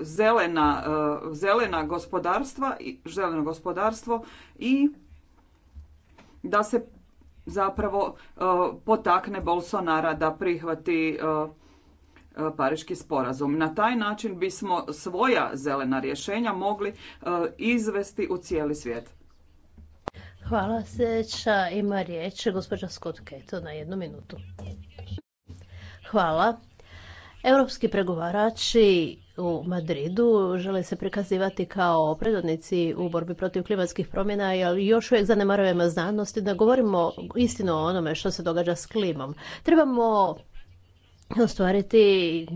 zelena, eh, zelena gospodarstva, zeleno gospodarstvo i da se zapravo eh, potakne Bolsonara da prihvati eh, Pariški sporazum. Na taj način bismo svoja zelena rješenja mogli izvesti u cijeli svijet. Hvala. Sljedeća ima riječ gospođa Skotke, Keto na jednu minutu. Hvala. Europski pregovarači u Madridu žele se prikazivati kao predvodnici u borbi protiv klimatskih promjena, ali još uvijek zanemarujemo znanosti da govorimo istinu o onome što se događa s klimom. Trebamo ostvariti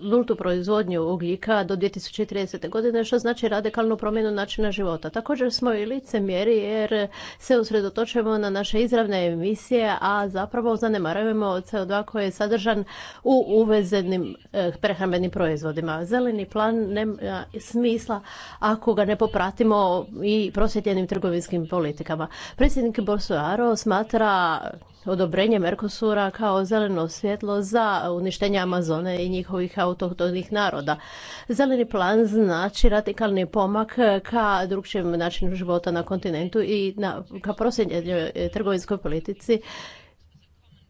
nultu proizvodnju ugljika do 2030. godine, što znači radikalnu promjenu načina života. Također smo i lice mjeri jer se usredotočujemo na naše izravne emisije, a zapravo zanemarujemo CO2 koji je sadržan u uvezenim e, prehrambenim proizvodima. Zeleni plan nema smisla ako ga ne popratimo i prosvjetljenim trgovinskim politikama. Predsjednik Bolsonaro smatra odobrenje Mercosura kao zeleno svjetlo za uništenje Amazone i njihovih autohtonih naroda. Zeleni plan znači radikalni pomak ka drugčijem načinu života na kontinentu i na, ka prosjednjenju e, trgovinskoj politici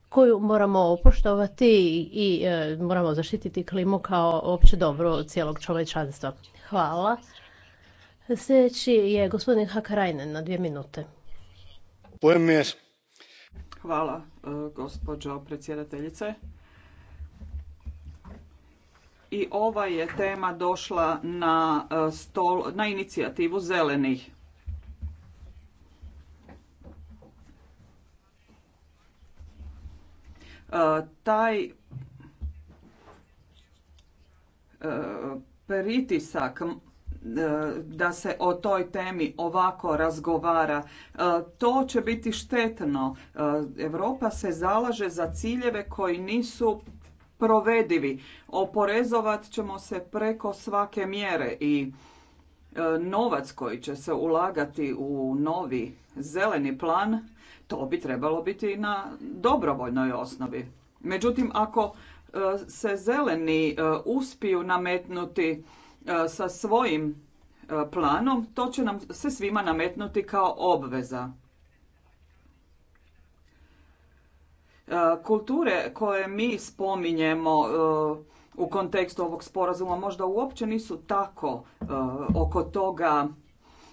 koju moramo poštovati i e, moramo zaštititi klimu kao opće dobro cijelog čovečanstva. Hvala. Sljedeći je gospodin Hakarajnen na dvije minute. Hvala, e, gospođo predsjedateljice. I ova je tema došla na, e, stol, na inicijativu zelenih. E, taj pritisak da se o toj temi ovako razgovara. E, to će biti štetno. E, Europa se zalaže za ciljeve koji nisu provedivi. Oporezovat ćemo se preko svake mjere i e, novac koji će se ulagati u novi zeleni plan, to bi trebalo biti na dobrovoljnoj osnovi. Međutim, ako se zeleni uspiju nametnuti E, sa svojim e, planom, to će nam se svima nametnuti kao obveza. E, kulture koje mi spominjemo u kontekstu ovog sporazuma možda uopće nisu tako oko toga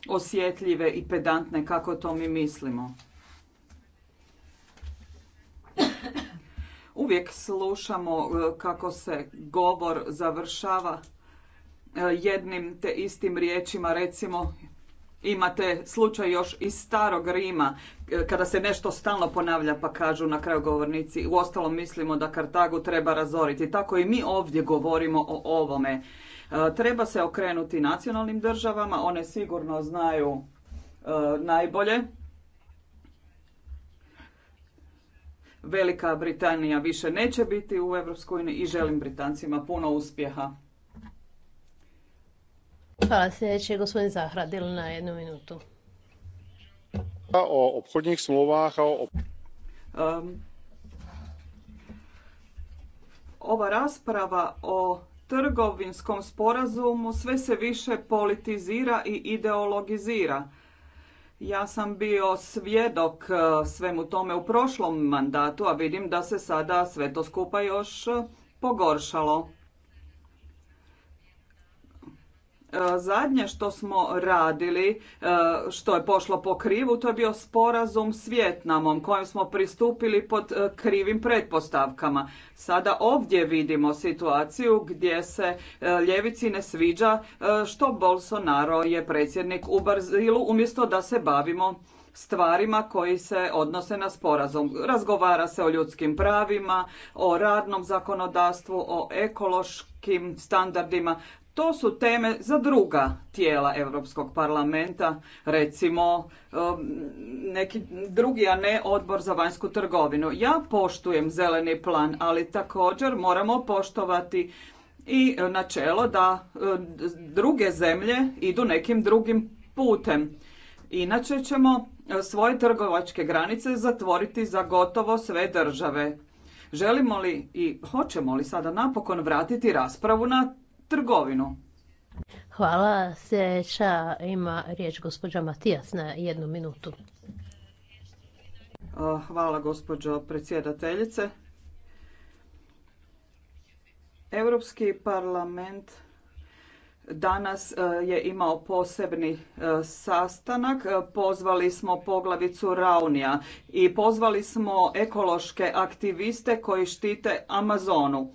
osjetljive i pedantne kako to mi mislimo. Uvijek slušamo kako se govor završava E, jednim te istim riječima recimo imate slučaj još iz starog Rima e, kada se nešto stalno ponavlja pa kažu na kraju govornici uostalom mislimo da Kartagu treba razoriti. Tako i mi ovdje govorimo o ovome. E, treba se okrenuti nacionalnim državama, one sigurno znaju najbolje. Velika Britanija više neće biti u EU i želim Britancima puno uspjeha. Hvala. Sljedeći je na jednu minutu. O ova rasprava o trgovinskom sporazumu sve se više politizira i ideologizira. Ja sam bio svjedok eh, svemu tome u prošlom mandatu, a vidim da se sada sve to skupa još pogoršalo. E, zadnje što smo radili, e, što je pošlo po krivu, to je bio sporazum s Vjetnamom kojem smo pristupili pod e, krivim pretpostavkama. Sada ovdje vidimo situaciju gdje se ljevici ne sviđa što Bolsonaro je predsjednik u Brazilu umjesto da se bavimo stvarima koji se odnose na sporazum. Razgovara se o ljudskim pravima, o radnom zakonodavstvu, o ekološkim standardima. To su teme za druga tijela Europskog parlamenta, recimo um, neki drugi, a ne odbor za vanjsku trgovinu. Ja poštujem zeleni plan, ali također moramo poštovati i načelo da um, druge zemlje idu nekim drugim putem. Inače ćemo uh, svoje trgovačke granice zatvoriti za gotovo sve države. Želimo li i hoćemo li sada napokon vratiti raspravu na trgovinu. Hvala. Sljedeća ima riječ gospođa Matijas na jednu minutu. Hvala gospođo predsjedateljice. Europski parlament Danas e, je imao posebni e, sastanak, e, pozvali smo poglavicu Raunija i pozvali smo ekološke aktiviste koji štite Amazonu.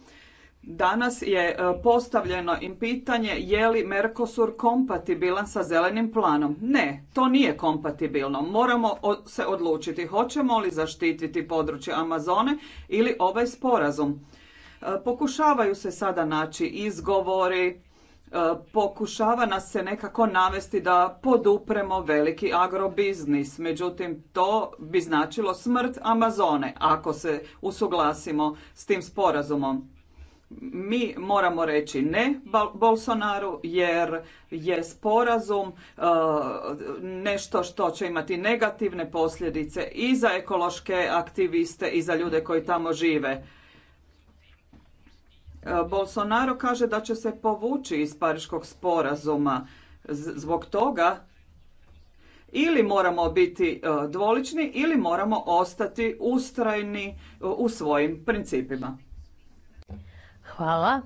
Danas je e, postavljeno im pitanje je li Mercosur kompatibilan sa zelenim planom. Ne, to nije kompatibilno. Moramo se odlučiti hoćemo li zaštititi područje Amazone ili ovaj sporazum. E, pokušavaju se sada naći izgovori, e, pokušava nas se nekako navesti da podupremo veliki agrobiznis. Međutim, to bi značilo smrt Amazone ako se usuglasimo s tim sporazumom mi moramo reći ne Bolsonaru jer je sporazum e, nešto što će imati negativne posljedice i za ekološke aktiviste i za ljude koji tamo žive. E, Bolsonaro kaže da će se povući iz Pariškog sporazuma zbog toga ili moramo biti e, dvolični ili moramo ostati ustrajni u svojim principima. Hvala.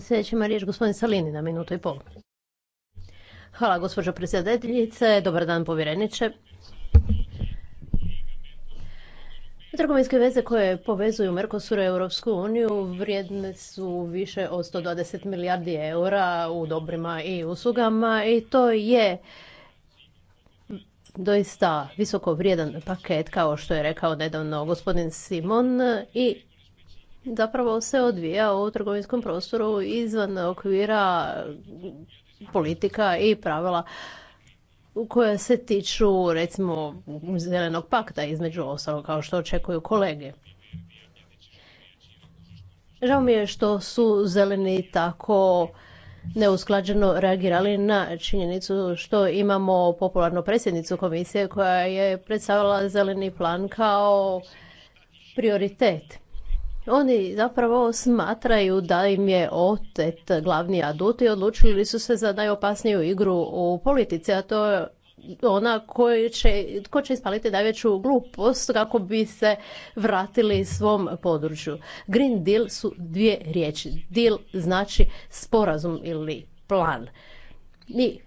Sljedeći ima riječ gospodin Salini na minutu i pol. Hvala gospođo predsjedateljice, dobar dan povjereniče. Trgovinske veze koje povezuju Mercosur i Europsku uniju vrijedne su više od 120 milijardi eura u dobrima i uslugama i to je doista visoko vrijedan paket kao što je rekao nedavno gospodin Simon i zapravo se odvija u trgovinskom prostoru izvan okvira politika i pravila koja se tiču recimo zelenog pakta između ostalog kao što očekuju kolege. Žao mi je što su zeleni tako neusklađeno reagirali na činjenicu što imamo popularnu predsjednicu komisije koja je predstavila zeleni plan kao prioritet. Oni zapravo smatraju da im je otet glavni adut i odlučili su se za najopasniju igru u politici, a to je ona koji će, ko će ispaliti najveću glupost kako bi se vratili svom području. Green Deal su dvije riječi. Deal znači sporazum ili plan. Mi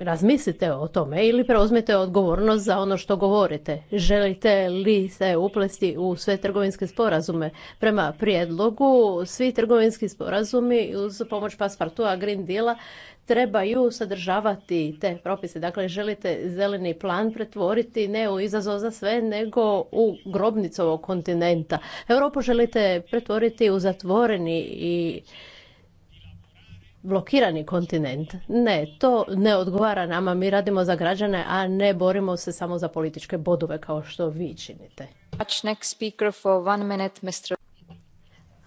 razmislite o tome ili preuzmite odgovornost za ono što govorite. Želite li se uplesti u sve trgovinske sporazume? Prema prijedlogu, svi trgovinski sporazumi uz pomoć paspartua Green Deala trebaju sadržavati te propise. Dakle, želite zeleni plan pretvoriti ne u izazov za sve, nego u grobnicu ovog kontinenta. Europu želite pretvoriti u zatvoreni i blokirani kontinent. Ne, to ne odgovara nama. Mi radimo za građane, a ne borimo se samo za političke bodove kao što vi činite.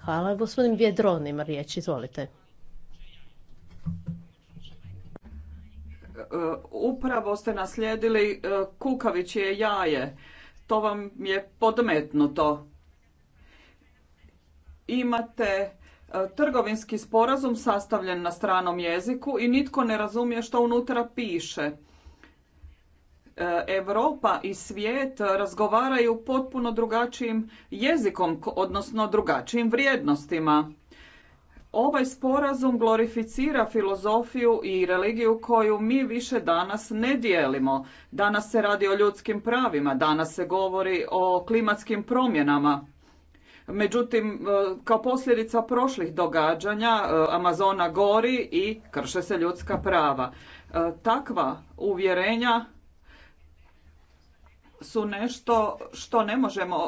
Hvala. Gospodin Vjedron ima riječ. Izvolite. E, upravo ste naslijedili e, je jaje. To vam je podmetnuto. Imate E, trgovinski sporazum sastavljen na stranom jeziku i nitko ne razumije što unutra piše. Europa i svijet razgovaraju potpuno drugačijim jezikom, odnosno drugačijim vrijednostima. Ovaj sporazum glorificira filozofiju i religiju koju mi više danas ne dijelimo. Danas se radi o ljudskim pravima, danas se govori o klimatskim promjenama. Međutim, e, kao posljedica prošlih događanja e, Amazona gori i krše se ljudska prava. E, takva uvjerenja su nešto što ne možemo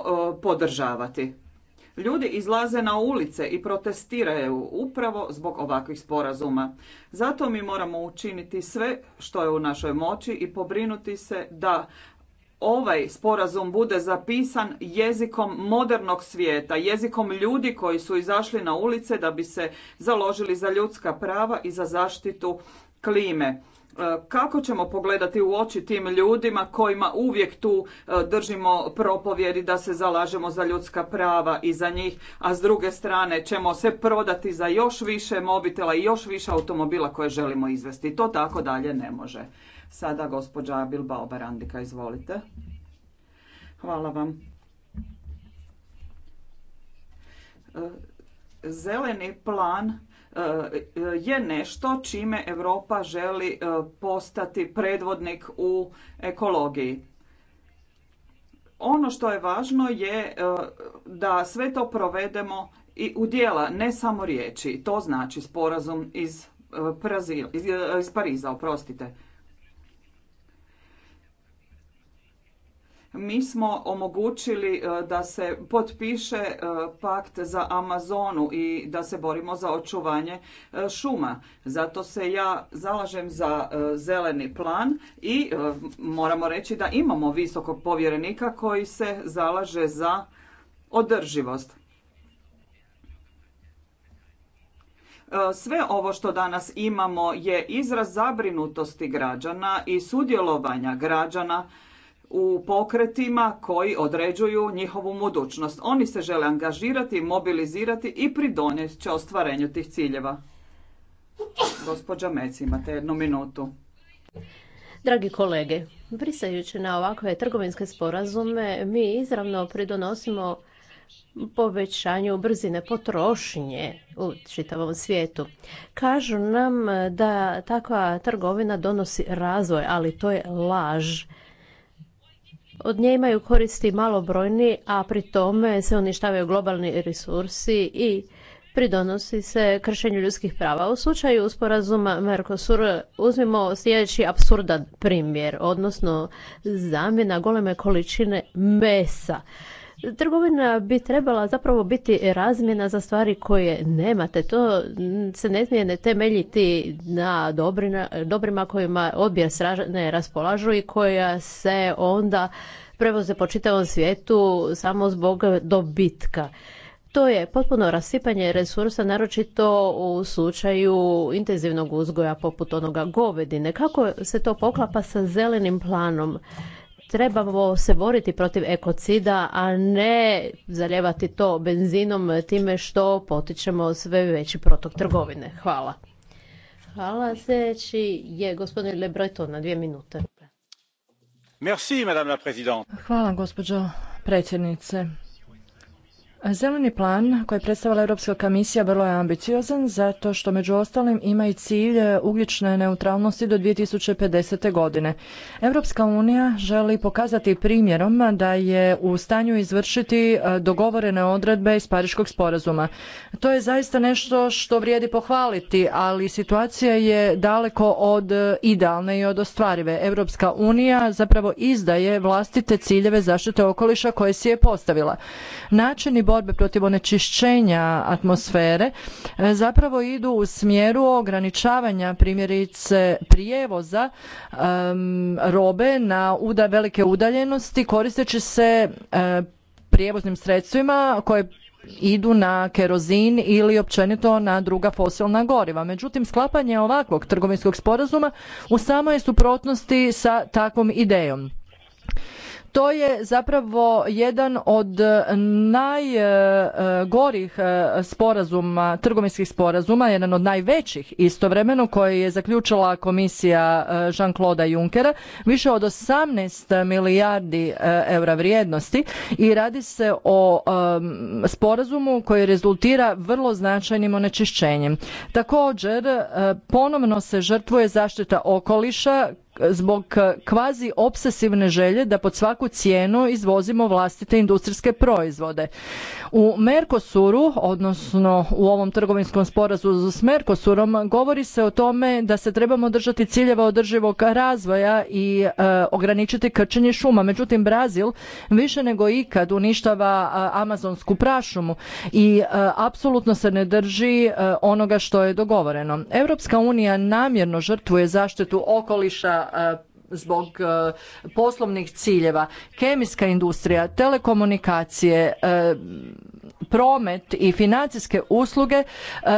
podržavati. Ljudi izlaze na ulice i protestiraju upravo zbog ovakvih sporazuma. Zato mi moramo učiniti sve što je u našoj moći i pobrinuti se da ovaj sporazum bude zapisan jezikom modernog svijeta, jezikom ljudi koji su izašli na ulice da bi se založili za ljudska prava i za zaštitu klime. E, kako ćemo pogledati u oči tim ljudima kojima uvijek tu e, držimo propovjedi da se zalažemo za ljudska prava i za njih, a s druge strane ćemo se prodati za još više mobitela i još više automobila koje želimo izvesti. To tako dalje ne može. Sada gospođa Bilbao Barandika, izvolite. Hvala vam. E, zeleni plan e, je nešto čime Evropa želi e, postati predvodnik u ekologiji. Ono što je važno je da sve to provedemo i u djela, ne samo riječi. To znači sporazum iz, iz Pariza, oprostite. mi smo omogućili e, da se potpiše e, pakt za Amazonu i da se borimo za očuvanje e, šuma. Zato se ja zalažem za zeleni plan i moramo reći da imamo visokog povjerenika koji se zalaže za održivost. Sve ovo što danas imamo je izraz zabrinutosti građana i sudjelovanja građana u pokretima koji određuju njihovu budućnost. Oni se žele angažirati, mobilizirati i pridonijeti će ostvarenju tih ciljeva. Gospođa Meci, imate jednu minutu. Dragi kolege, brisajući na ovakve trgovinske sporazume, mi izravno pridonosimo povećanju brzine potrošnje u čitavom svijetu. Kažu nam da takva trgovina donosi razvoj, ali to je laž. Od nje imaju koristi malobrojni, a pri tome se uništavaju globalni resursi i pridonosi se kršenju ljudskih prava. U slučaju sporazuma Mercosur uzmimo sljedeći apsurdan primjer, odnosno zamjena goleme količine mesa. Trgovina bi trebala zapravo biti razmjena za stvari koje nemate. To se ne smije ne temeljiti na dobrima kojima obje strane raspolažu i koja se onda prevoze po čitavom svijetu samo zbog dobitka. To je potpuno rasipanje resursa, naročito u slučaju intenzivnog uzgoja poput onoga govedine. Kako se to poklapa sa zelenim planom? trebamo se boriti protiv ekocida, a ne zaljevati to benzinom time što potičemo sve veći protok trgovine. Hvala. Hvala. Sljedeći je gospodin Le na dvije minute. Merci, madame la Hvala, gospođo predsjednice. Zeleni plan koji je predstavila Europska komisija vrlo je ambiciozan zato što među ostalim ima i cilj e, ugljične neutralnosti do 2050. godine. Europska unija želi pokazati primjerom da je u stanju izvršiti e, dogovorene odredbe iz Pariškog sporazuma. To je zaista nešto što vrijedi pohvaliti, ali situacija je daleko od e, idealne i od ostvarive. Europska unija zapravo izdaje vlastite ciljeve zaštite okoliša koje si je postavila. Način i borbe protiv onečišćenja atmosfere e, zapravo idu u smjeru ograničavanja primjerice prijevoza robe na uda velike udaljenosti koristeći se e, prijevoznim sredstvima koje idu na kerozin ili općenito na druga fosilna goriva. Međutim, sklapanje ovakvog trgovinskog sporazuma u samoj suprotnosti sa takvom idejom. To je zapravo jedan od najgorih e, e, e, sporazuma, trgovinskih sporazuma, jedan od najvećih istovremeno koji je zaključila komisija Jean-Claude Junckera, više od 18 milijardi eura vrijednosti i radi se o sporazumu koji rezultira vrlo značajnim onečišćenjem. Također, ponovno se žrtvuje zaštita okoliša zbog eh, kvazi obsesivne želje da pod svaku cijenu izvozimo vlastite industrijske proizvode. U Mercosuru, odnosno u ovom trgovinskom sporazu s Mercosurom, govori se o tome da se trebamo držati ciljeva održivog razvoja i e, ograničiti krčenje šuma. Međutim, Brazil više nego ikad uništava e, amazonsku prašumu i e, apsolutno se ne drži onoga što je dogovoreno. Europska unija namjerno žrtvuje zaštitu okoliša zbog e, poslovnih ciljeva, kemijska industrija, telekomunikacije, e, promet i financijske usluge e,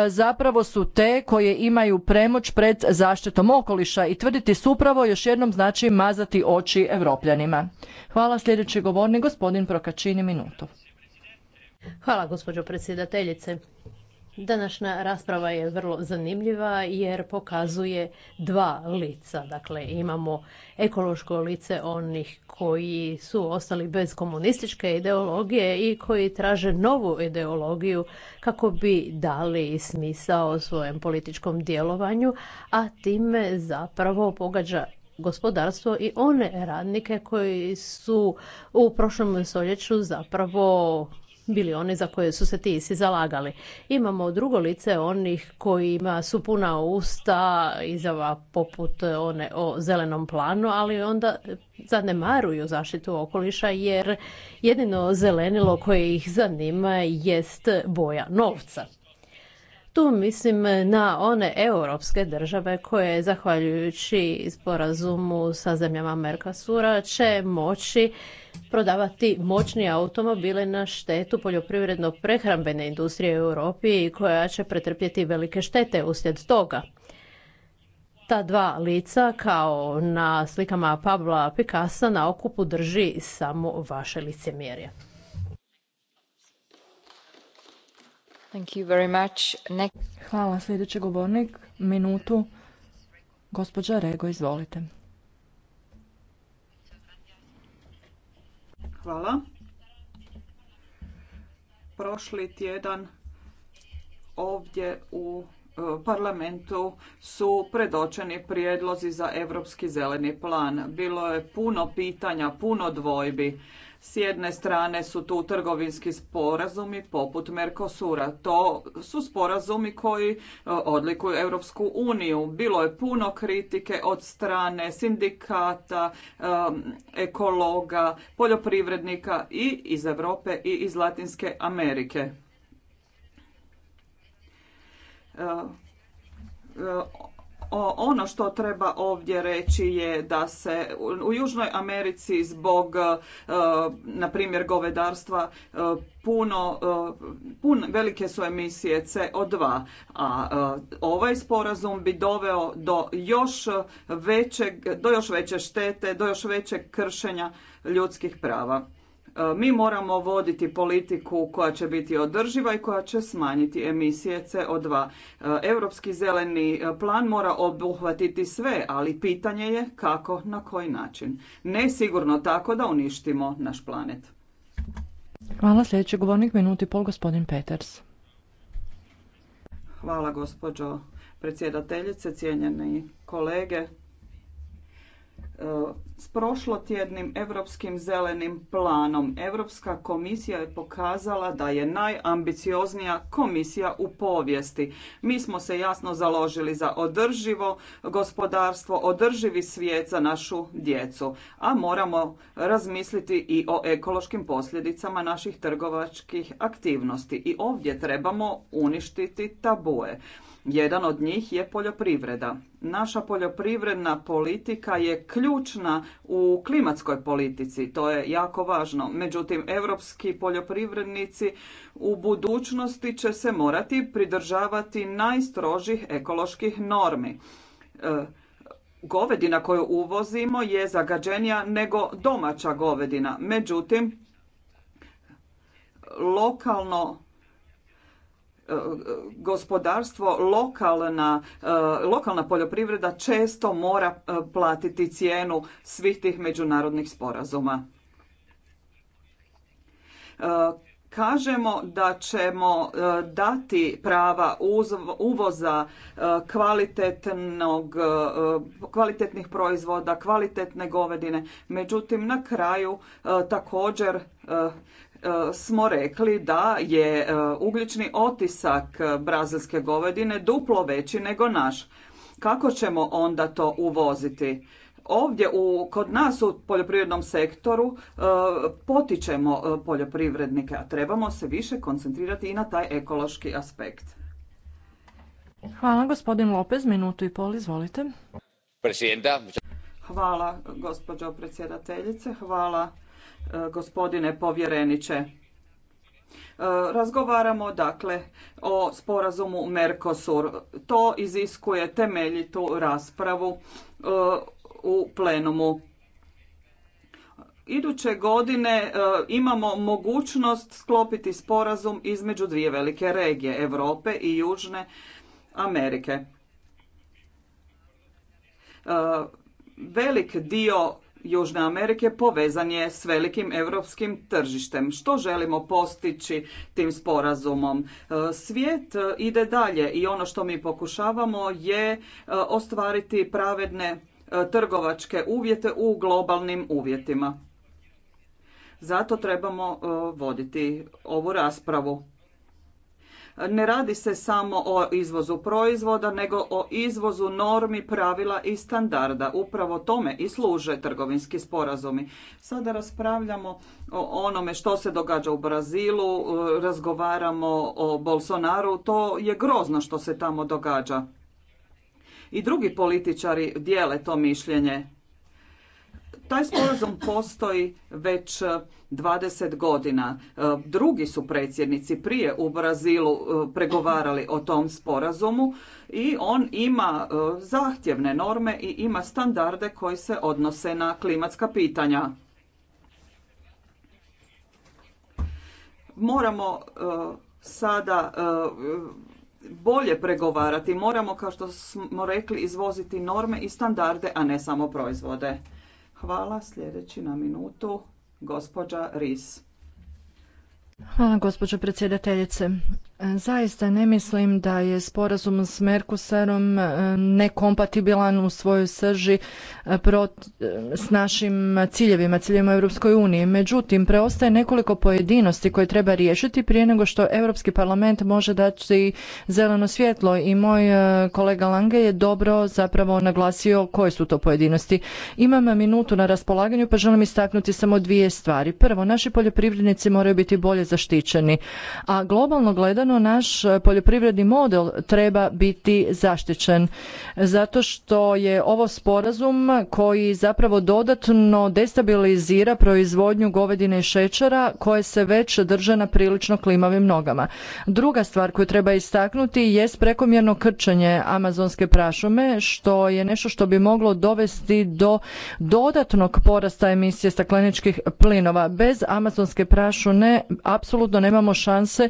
zapravo su te koje imaju premoć pred zaštitom okoliša i tvrditi supravo još jednom znači mazati oči evropljanima. Hvala sljedeći govornik gospodin Prokačini minutu. Hvala gospođo predsjedateljice. Današnja rasprava je vrlo zanimljiva jer pokazuje dva lica. Dakle, imamo ekološko lice onih koji su ostali bez komunističke ideologije i koji traže novu ideologiju kako bi dali smisao svojem političkom djelovanju, a time zapravo pogađa gospodarstvo i one radnike koji su u prošlom stoljeću zapravo bili oni za koje su se ti si zalagali. Imamo drugo lice onih kojima su puna usta izava poput one o zelenom planu, ali onda zanemaruju zaštitu okoliša jer jedino zelenilo koje ih zanima jest boja novca. Tu mislim na one europske države koje, zahvaljujući sporazumu sa zemljama Merkasura, će moći prodavati moćni automobile na štetu poljoprivredno prehrambene industrije u Europi i koja će pretrpjeti velike štete uslijed toga. Ta dva lica kao na slikama Pabla Picasso, na okupu drži samo vaše licemjerje. Thank you Hvala. Sljedeći govornik, minutu. Gospođa Rego, izvolite. Hvala. Prošli tjedan ovdje u e, parlamentu su predočeni prijedlozi za europski zeleni plan. Bilo je puno pitanja, puno dvojbi. S jedne strane su tu trgovinski sporazumi poput Mercosura. To su sporazumi koji e, odlikuju Europsku uniju. Bilo je puno kritike od strane sindikata, e, ekologa, poljoprivrednika i iz Europe i iz Latinske Amerike e, ono što treba ovdje reći je da se u Južnoj Americi zbog, e, na primjer, govedarstva e, puno, e, pun, velike su emisije CO2, a ovaj sporazum bi doveo do još, većeg, do još veće štete, do još većeg kršenja ljudskih prava. E, mi moramo voditi politiku koja će biti održiva i koja će smanjiti emisije CO2. E, Europski zeleni e, plan mora obuhvatiti sve, ali pitanje je kako, na koji način. Ne sigurno tako da uništimo naš planet. Hvala. Sljedeći govornik minuti pol gospodin Peters. Hvala gospođo predsjedateljice, cijenjeni kolege. S prošlotjednim europskim zelenim planom Europska komisija je pokazala da je najambicioznija komisija u povijesti. Mi smo se jasno založili za održivo gospodarstvo, održivi svijet za našu djecu, a moramo razmisliti i o ekološkim posljedicama naših trgovačkih aktivnosti. I ovdje trebamo uništiti tabue. Jedan od njih je poljoprivreda. Naša poljoprivredna politika je ključna u klimatskoj politici, to je jako važno. Međutim, europski poljoprivrednici u budućnosti će se morati pridržavati najstrožih ekoloških normi. E, govedina koju uvozimo je zagađenija nego domaća govedina. Međutim, lokalno E, gospodarstvo, lokalna, e, lokalna poljoprivreda često mora e, platiti cijenu svih tih međunarodnih sporazuma. Kažemo da ćemo dati prava uvoza kvalitetnih proizvoda, kvalitetne govedine, međutim na kraju također E, smo rekli da je e, ugljični otisak e, brazilske govedine duplo veći nego naš. Kako ćemo onda to uvoziti? Ovdje u, kod nas u poljoprivrednom sektoru potičemo poljoprivrednike, a trebamo se više koncentrirati i na taj ekološki aspekt. Hvala gospodin Lopez, minutu i pol, izvolite. Hvala gospođo predsjedateljice, hvala E, gospodine povjereniče. E, razgovaramo dakle o sporazumu Mercosur. To iziskuje temeljitu raspravu e, u plenumu. Iduće godine imamo mogućnost sklopiti sporazum između dvije velike regije, Europe i Južne Amerike. Velik dio Južne Amerike povezan je s velikim europskim tržištem. Što želimo postići tim sporazumom? E, svijet e, ide dalje i ono što mi pokušavamo je e, ostvariti pravedne trgovačke uvjete u globalnim uvjetima. Zato trebamo voditi ovu raspravu. Ne radi se samo o izvozu proizvoda, nego o izvozu normi, pravila i standarda. Upravo tome i služe trgovinski sporazumi. Sada raspravljamo o onome što se događa u Brazilu, razgovaramo o Bolsonaru, to je grozno što se tamo događa. I drugi političari dijele to mišljenje. Taj sporazum postoji već 20 e, godina. E, drugi su predsjednici prije u Brazilu e, pregovarali o tom sporazumu i on ima zahtjevne norme i ima standarde koji se odnose na klimatska pitanja. Moramo sada bolje pregovarati, moramo kao što smo rekli izvoziti norme i standarde, a ne samo proizvode. Hvala. Sljedeći na minutu gospođa Ris. Hvala gospođo predsjedateljice. Zaista ne mislim da je sporazum s Merkusarom e, nekompatibilan u svojoj srži e, e, s našim ciljevima, ciljevima Europskoj uniji. Međutim, preostaje nekoliko pojedinosti koje treba riješiti prije nego što Europski parlament može dati zeleno svjetlo i moj kolega Lange je dobro zapravo naglasio koje su to pojedinosti. Imam minutu na raspolaganju pa želim istaknuti samo dvije stvari. Prvo, naši poljoprivrednici moraju biti bolje zaštićeni, a globalno gleda naš e, poljoprivredni model treba biti zaštićen zato što je ovo sporazum koji zapravo dodatno destabilizira proizvodnju govedine i šećera koje se već drže na prilično klimavim nogama. Druga stvar koju treba istaknuti je prekomjerno krčenje amazonske prašume što je nešto što bi moglo dovesti do dodatnog porasta emisije stakleničkih plinova. Bez amazonske prašune apsolutno nemamo šanse e,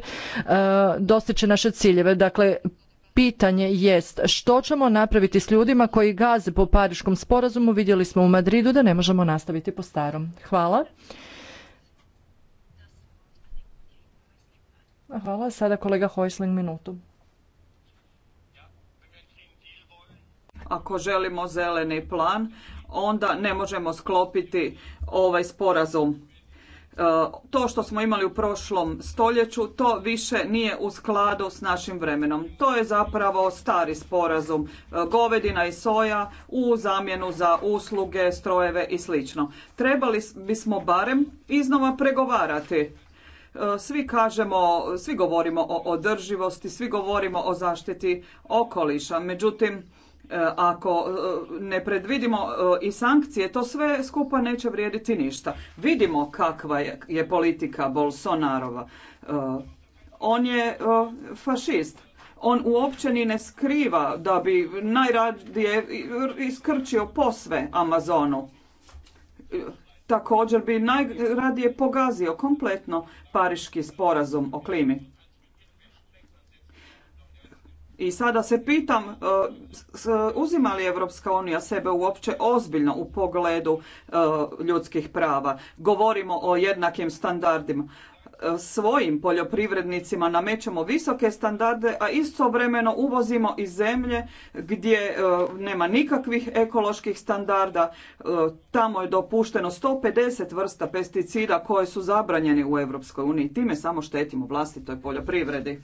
dostići naše ciljeve. Dakle, pitanje jest što ćemo napraviti s ljudima koji gaze po Pariškom sporazumu. Vidjeli smo u Madridu da ne možemo nastaviti po starom. Hvala. Hvala. Sada kolega Hojsling minutu. Ako želimo zeleni plan, onda ne možemo sklopiti ovaj sporazum E, to što smo imali u prošlom stoljeću, to više nije u skladu s našim vremenom. To je zapravo stari sporazum e, govedina i soja u zamjenu za usluge, strojeve i sl. Trebali bismo barem iznova pregovarati. E, svi kažemo, svi govorimo o održivosti, svi govorimo o zaštiti okoliša. Međutim, E, ako e, ne predvidimo e, i sankcije, to sve skupa neće vrijediti ništa. Vidimo kakva je, politika Bolsonarova. On je fašist. On uopće ni ne skriva da bi najradije iskrčio posve Amazonu. Također bi najradije pogazio kompletno pariški sporazum o klimi. I sada se pitam, e, uzima li Evropska unija sebe uopće ozbiljno u pogledu e, ljudskih prava? Govorimo o jednakim standardima. E, svojim poljoprivrednicima namećemo visoke standarde, a istovremeno uvozimo iz zemlje gdje nema nikakvih ekoloških standarda. Tamo je dopušteno 150 vrsta pesticida koje su zabranjeni u Europskoj uniji. Time samo štetimo vlastitoj poljoprivredi.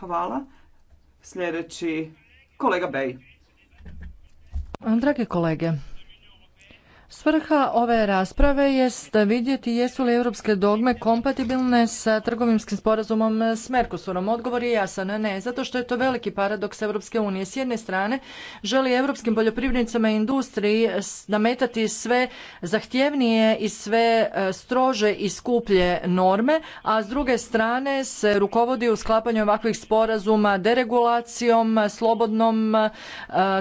Hvala. Sljedeći kolega Bej. Drage kolege, Svrha ove rasprave jest vidjeti jesu li europske dogme kompatibilne sa trgovinskim sporazumom s Mercosurom. Odgovor je jasan, ne, zato što je to veliki paradoks Europske unije. S jedne strane želi europskim poljoprivrednicama i industriji nametati sve zahtjevnije i sve e, strože i skuplje norme, a s druge strane se rukovodi u sklapanju ovakvih sporazuma deregulacijom, slobodnom e,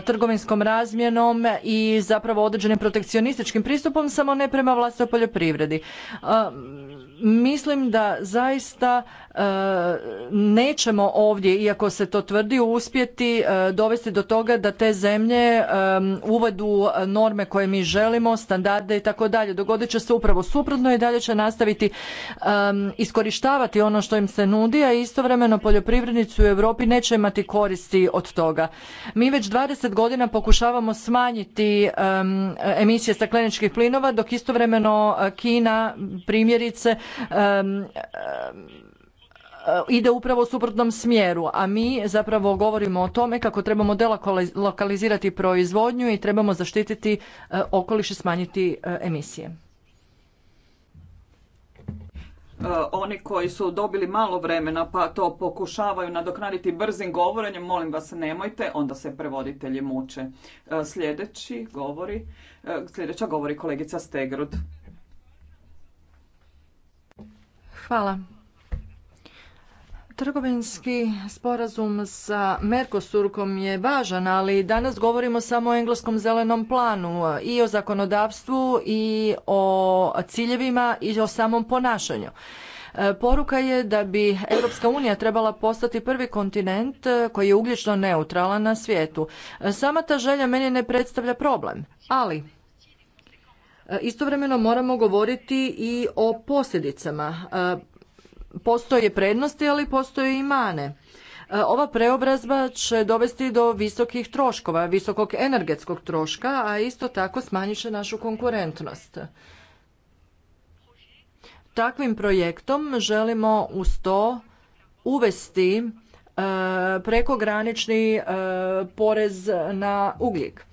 trgovinskom razmjenom i zapravo određenim protekcionističkim holističkim pristupom, samo ne prema vlastitoj poljoprivredi mislim da zaista e, nećemo ovdje iako se to tvrdi uspjeti e, dovesti do toga da te zemlje e, uvedu norme koje mi želimo standarde i tako dalje dogodit će se upravo suprotno i dalje će nastaviti e, iskorištavati ono što im se nudi a istovremeno poljoprivrednici u europi neće imati koristi od toga mi već 20 godina pokušavamo smanjiti emisije stakleničkih plinova dok istovremeno kina primjerice ide upravo u suprotnom smjeru, a mi zapravo govorimo o tome kako trebamo lokalizirati proizvodnju i trebamo zaštititi e, okoliš i smanjiti e, emisije. E, oni koji su dobili malo vremena pa to pokušavaju nadoknaditi brzim govorenjem, molim vas nemojte, onda se prevoditelji muče. Sljedeći govori, sljedeća govori kolegica Stegrud. Hvala. Trgovinski sporazum sa Merkosurkom je važan, ali danas govorimo samo o engleskom zelenom planu i o zakonodavstvu i o ciljevima i o samom ponašanju. E, poruka je da bi Europska unija trebala postati prvi kontinent koji je ugljično neutralan na svijetu. E, sama ta želja meni ne predstavlja problem, ali E, istovremeno moramo govoriti i o posljedicama. E, postoje prednosti, ali postoje i mane. E, ova preobrazba će dovesti do visokih troškova, visokog energetskog troška, a isto tako smanjiše našu konkurentnost. Takvim projektom želimo uz to uvesti prekogranični porez na ugljik.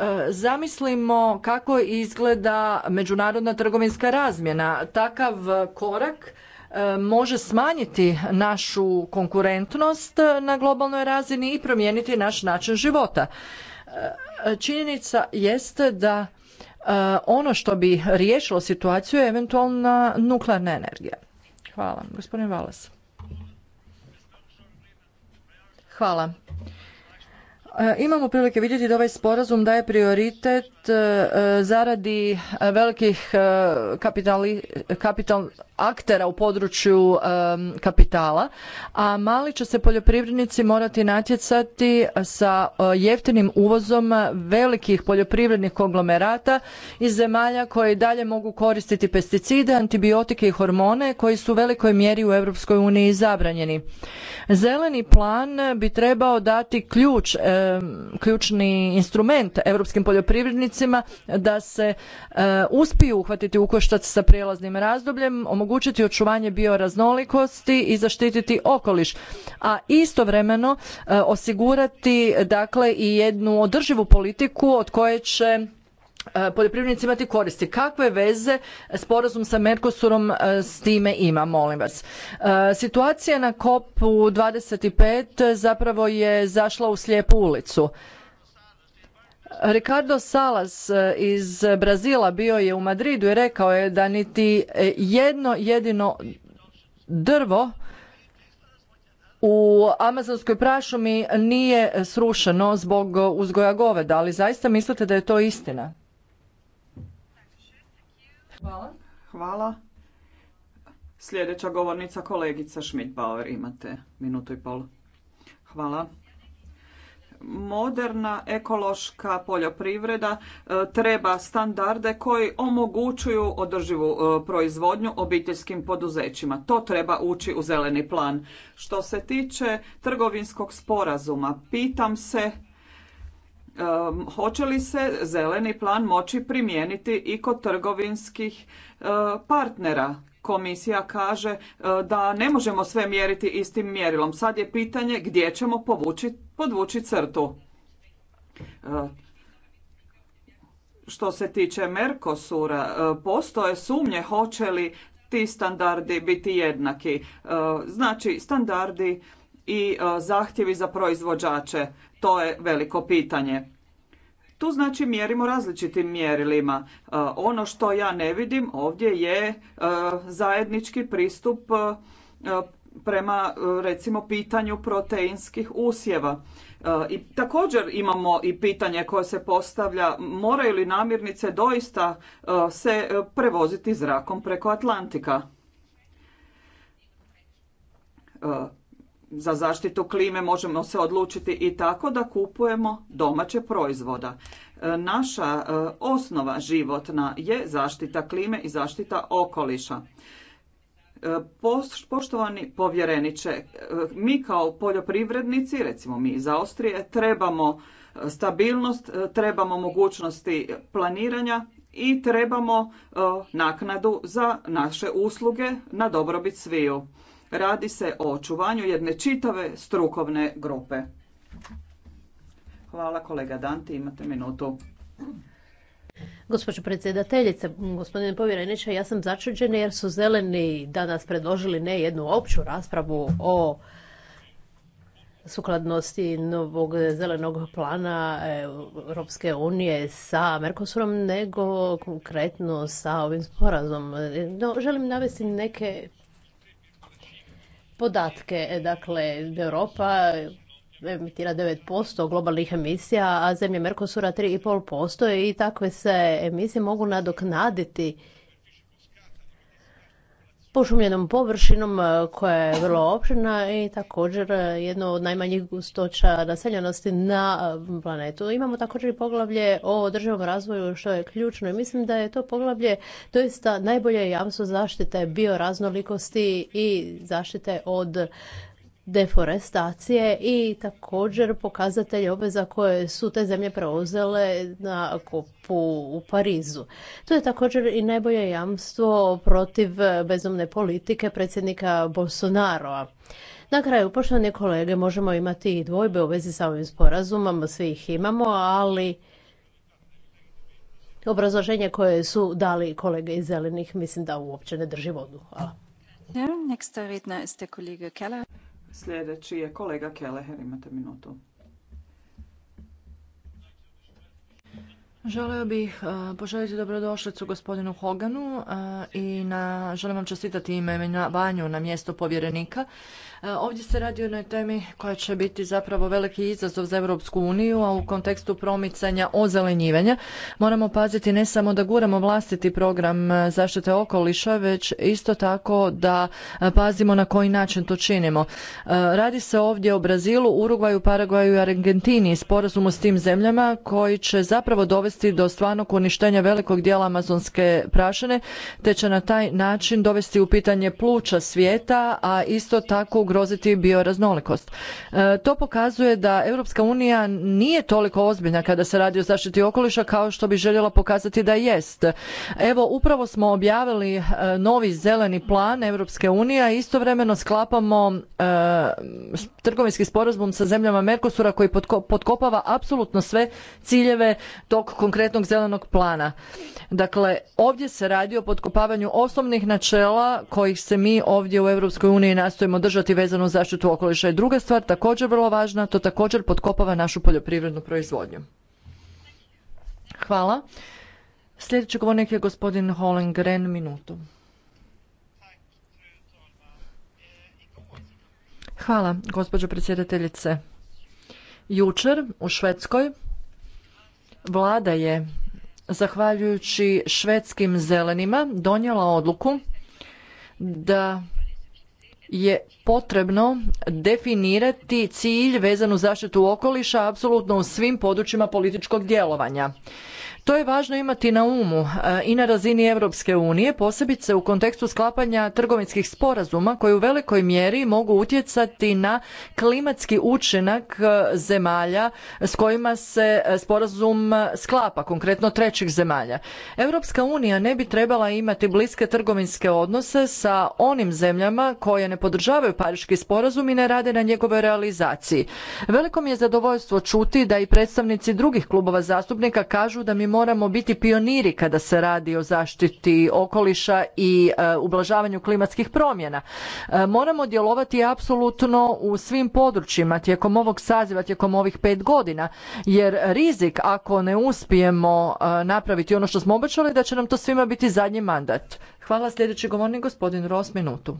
E, zamislimo kako izgleda međunarodna trgovinska razmjena. Takav korak e, može smanjiti našu konkurentnost na globalnoj razini i promijeniti naš način života. E, činjenica jeste da ono što bi riješilo situaciju je eventualna nuklearna energija. Hvala. Gospodin Valas. Hvala. E, imamo prilike vidjeti da ovaj sporazum daje prioritet e, zaradi velikih e, aktera u području kapitala, a mali će se poljoprivrednici morati natjecati sa jeftinim uvozom velikih poljoprivrednih konglomerata iz zemalja koje dalje mogu koristiti pesticide, antibiotike i hormone koji su u velikoj mjeri u Europskoj uniji zabranjeni. Zeleni plan bi trebao dati ključ ključni instrument europskim poljoprivrednicima da se uspiju uhvatiti u koštac sa prijelaznim razdobljem, omogućiti očuvanje bioraznolikosti i zaštititi okoliš, a istovremeno osigurati dakle i jednu održivu politiku od koje će E, poljoprivrednici imati koristi. Kakve veze sporazum sa Mercosurom e, s time ima, molim vas? E, situacija na kopu 25 zapravo je zašla u slijepu ulicu. Ricardo Salas iz Brazila bio je u Madridu i rekao je da niti jedno jedino drvo u amazonskoj prašumi nije srušeno zbog uzgoja goveda, ali zaista mislite da je to istina? Hvala. Hvala. Sljedeća govornica kolegica Schmidt-Bauer. Imate minutu i pol. Hvala moderna ekološka poljoprivreda e, treba standarde koji omogućuju održivu e, proizvodnju obiteljskim poduzećima. To treba ući u zeleni plan. Što se tiče trgovinskog sporazuma, pitam se hoće li se zeleni plan moći primijeniti i kod trgovinskih e, partnera? Komisija kaže e, da ne možemo sve mjeriti istim mjerilom. Sad je pitanje gdje ćemo povući, podvući crtu. E, što se tiče Merkosura, postoje sumnje hoće li ti standardi biti jednaki. Znači, standardi i zahtjevi za proizvođače. To je veliko pitanje. Tu znači mjerimo različitim mjerilima. E, ono što ja ne vidim ovdje je e, zajednički pristup e, prema recimo pitanju proteinskih usjeva. I također imamo i pitanje koje se postavlja moraju li namirnice doista se prevoziti zrakom preko Atlantika za zaštitu klime možemo se odlučiti i tako da kupujemo domaće proizvoda. E, naša e, osnova životna je zaštita klime i zaštita okoliša. E, poštovani povjereniče, mi kao poljoprivrednici, recimo mi iz Austrije, trebamo stabilnost, trebamo mogućnosti planiranja i trebamo naknadu za naše usluge na dobrobit sviju. Radi se o očuvanju jedne čitave strukovne grupe. Hvala kolega Danti, imate minutu. Gospođo predsjedateljice, gospodine povjereniče, ja sam začuđena jer su zeleni danas predložili ne jednu opću raspravu o sukladnosti novog zelenog plana Europske unije sa Mercosurom, nego konkretno sa ovim sporazom. No, želim navesti neke podatke. E, dakle, Europa emitira 9% globalnih emisija, a zemlje Merkosura 3,5% i takve se emisije mogu nadoknaditi pošumljenom površinom e, koja je vrlo opširna i također e, jedno od najmanjih gustoća naseljenosti na e, planetu. Imamo također i poglavlje o održivom razvoju što je ključno i mislim da je to poglavlje doista najbolje jamstvo zaštite bioraznolikosti i zaštite od deforestacije i također pokazatelj obveza koje su te zemlje preuzele na kopu u Parizu. To je također i najbolje jamstvo protiv bezumne politike predsjednika Bolsonaroa. Na kraju, poštovani kolege, možemo imati i dvojbe u vezi sa ovim sporazumom, svi ih imamo, ali obrazloženje koje su dali kolege iz zelenih mislim da uopće ne drži vodu. Hvala. Next kolega Sljedeći je kolega Keleher, imate minutu. Želeo bih e, poželjeti dobrodošlicu gospodinu Hoganu e, i na, želim vam čestitati imenovanju na mjesto povjerenika. E, ovdje se radi o jednoj temi koja će biti zapravo veliki izazov za Europsku uniju, a u kontekstu promicanja ozelenjivanja moramo paziti ne samo da guramo vlastiti program zaštite okoliša, već isto tako da pazimo na koji način to činimo. Radi se ovdje o Brazilu, Urugvaju, Paraguaju i Argentini, sporazumu s tim zemljama koji će zapravo dovesti do stvarnog uništenja velikog dijela amazonske prašine, te će na taj način dovesti u pitanje pluća svijeta, a isto tako ugroziti bioraznolikost. E, to pokazuje da Europska unija nije toliko ozbiljna kada se radi o zaštiti okoliša kao što bi željela pokazati da jest. Evo, upravo smo objavili e, novi zeleni plan Europske unije, a istovremeno sklapamo e, trgovinski sporazum sa zemljama Merkosura koji potkopava podkopava apsolutno sve ciljeve tog konkretnog zelenog plana. Dakle, ovdje se radi o potkopavanju osnovnih načela kojih se mi ovdje u Europskoj uniji nastojimo držati vezano uz zaštitu okoliša. I druga stvar, također vrlo važna, to također potkopava našu poljoprivrednu proizvodnju. Hvala. Sljedeći govornik je gospodin Hollingren, minutu. Hvala, gospođo predsjedateljice. Jučer u Švedskoj Vlada je, zahvaljujući švedskim zelenima, donijela odluku da je potrebno definirati cilj vezan uz zaštitu okoliša apsolutno u svim područjima političkog djelovanja. To je važno imati na umu e, i na razini Europske unije, posebice u kontekstu sklapanja trgovinskih sporazuma koji u velikoj mjeri mogu utjecati na klimatski učinak e, zemalja s kojima se e, sporazum sklapa, konkretno trećih zemalja. Europska unija ne bi trebala imati bliske trgovinske odnose sa onim zemljama koje ne podržavaju Pariški sporazum i ne rade na njegovoj realizaciji. Veliko mi je zadovoljstvo čuti da i predstavnici drugih klubova zastupnika kažu da mi moramo biti pioniri kada se radi o zaštiti okoliša i e, ublažavanju klimatskih promjena. E, moramo djelovati apsolutno u svim područjima tijekom ovog saziva, tijekom ovih pet godina, jer rizik ako ne uspijemo e, napraviti ono što smo obećali, da će nam to svima biti zadnji mandat. Hvala sljedeći govornik, gospodin Ros, minutu.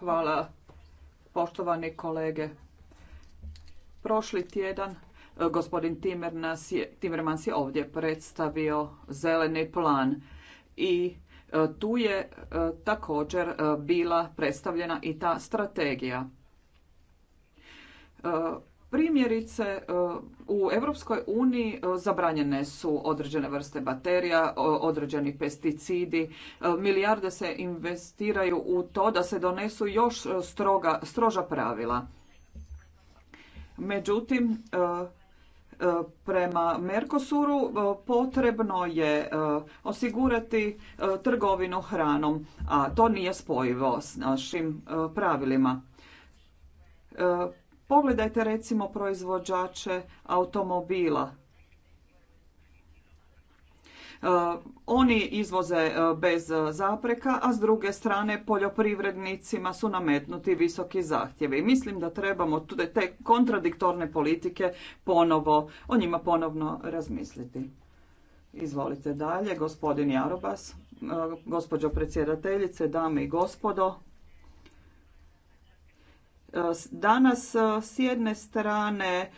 Hvala, poštovani kolege. Prošli tjedan e, gospodin Timmermans je, ovdje predstavio zeleni plan i e, tu je e, također bila predstavljena i ta strategija. Primjerice, u Europskoj uniji zabranjene su određene vrste baterija, određeni pesticidi, milijarde se investiraju u to da se donesu još stroža pravila. Međutim, e, e, prema Mercosuru e, potrebno je osigurati trgovinu hranom, a to nije spojivo s našim pravilima. Pogledajte recimo proizvođače automobila oni izvoze e, bez e, zapreka, a s druge strane poljoprivrednicima su nametnuti visoki zahtjevi. Mislim da trebamo te kontradiktorne politike ponovo, o njima ponovno razmisliti. Izvolite dalje, gospodin Jarobas, e, gospođo predsjedateljice, dame i gospodo. Danas s jedne strane